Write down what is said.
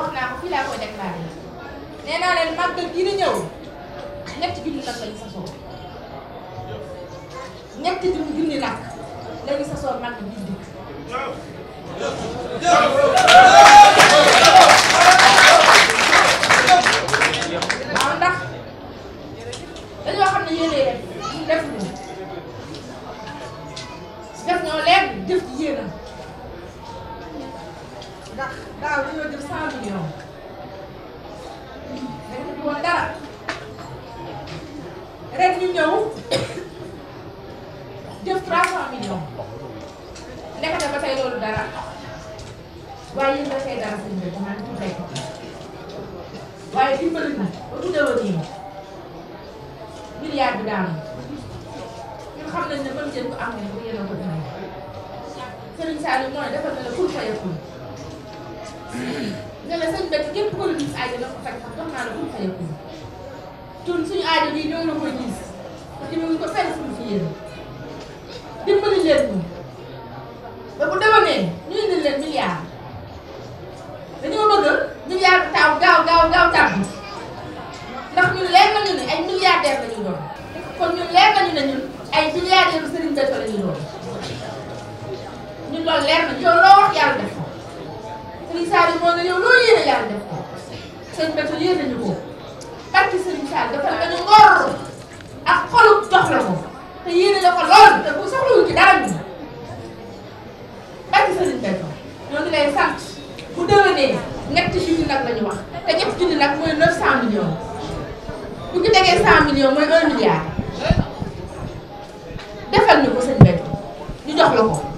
wax naa ko fii laa koy déclaré nee naa leen màggal gii di ñëw ñetti junni nag lañu sasoo ñetti junni nag lañu sasoo màggal gii dëkk waaw ndax dañoo xam ne yéen def million dañu di woon dara ren ñu ñëw def 300 millions nekk na ba tey loolu dara waaye yéen dafay dara seen mbir maa ngi tuddee ko waaye dimbali na ba mu déwén nii milliard bi daanu ñun xam nañ ne mën ngeen ko am ne bu yéen a ko demee Serigne Saliou mooy defal na la pour fayakul. nga ne sëñ Bati képp ko gis aajo na ko faj naa la bu mu fayee ko tun suñu aajo bii la koy gis te dinañ ko fenn suñu fi yéen dimbali leen ko ba bu déwénee ñu indil leen milliard dañoo bëgg milliard gaaw gaaw gaaw tàbbi ndax ñun leer nañu ne ay milliardaire lañu doon kon ñun leer nañu ne ay milliardaire Serigne Bethio doon ñun loolu leer na yow loo wax yàlla def ko Serigne Saliou moo nga yow yàlla def ko sëñ Béthio yéene ñu ko barki sëriñ Sall dafa la ñu ngor ak xolub jox la ko te yéene la ko lool te bu soxlawul ci dara ñu barki sëriñ Béthio ñoo ngi lay sant bu déwénee ñetti junni nag la ñu wax te ñetti junni nag mooy 900 millions bu ñu tegee 100 millions mooy 1 milliard defal ñu ko sëñ Béthio jox la ko.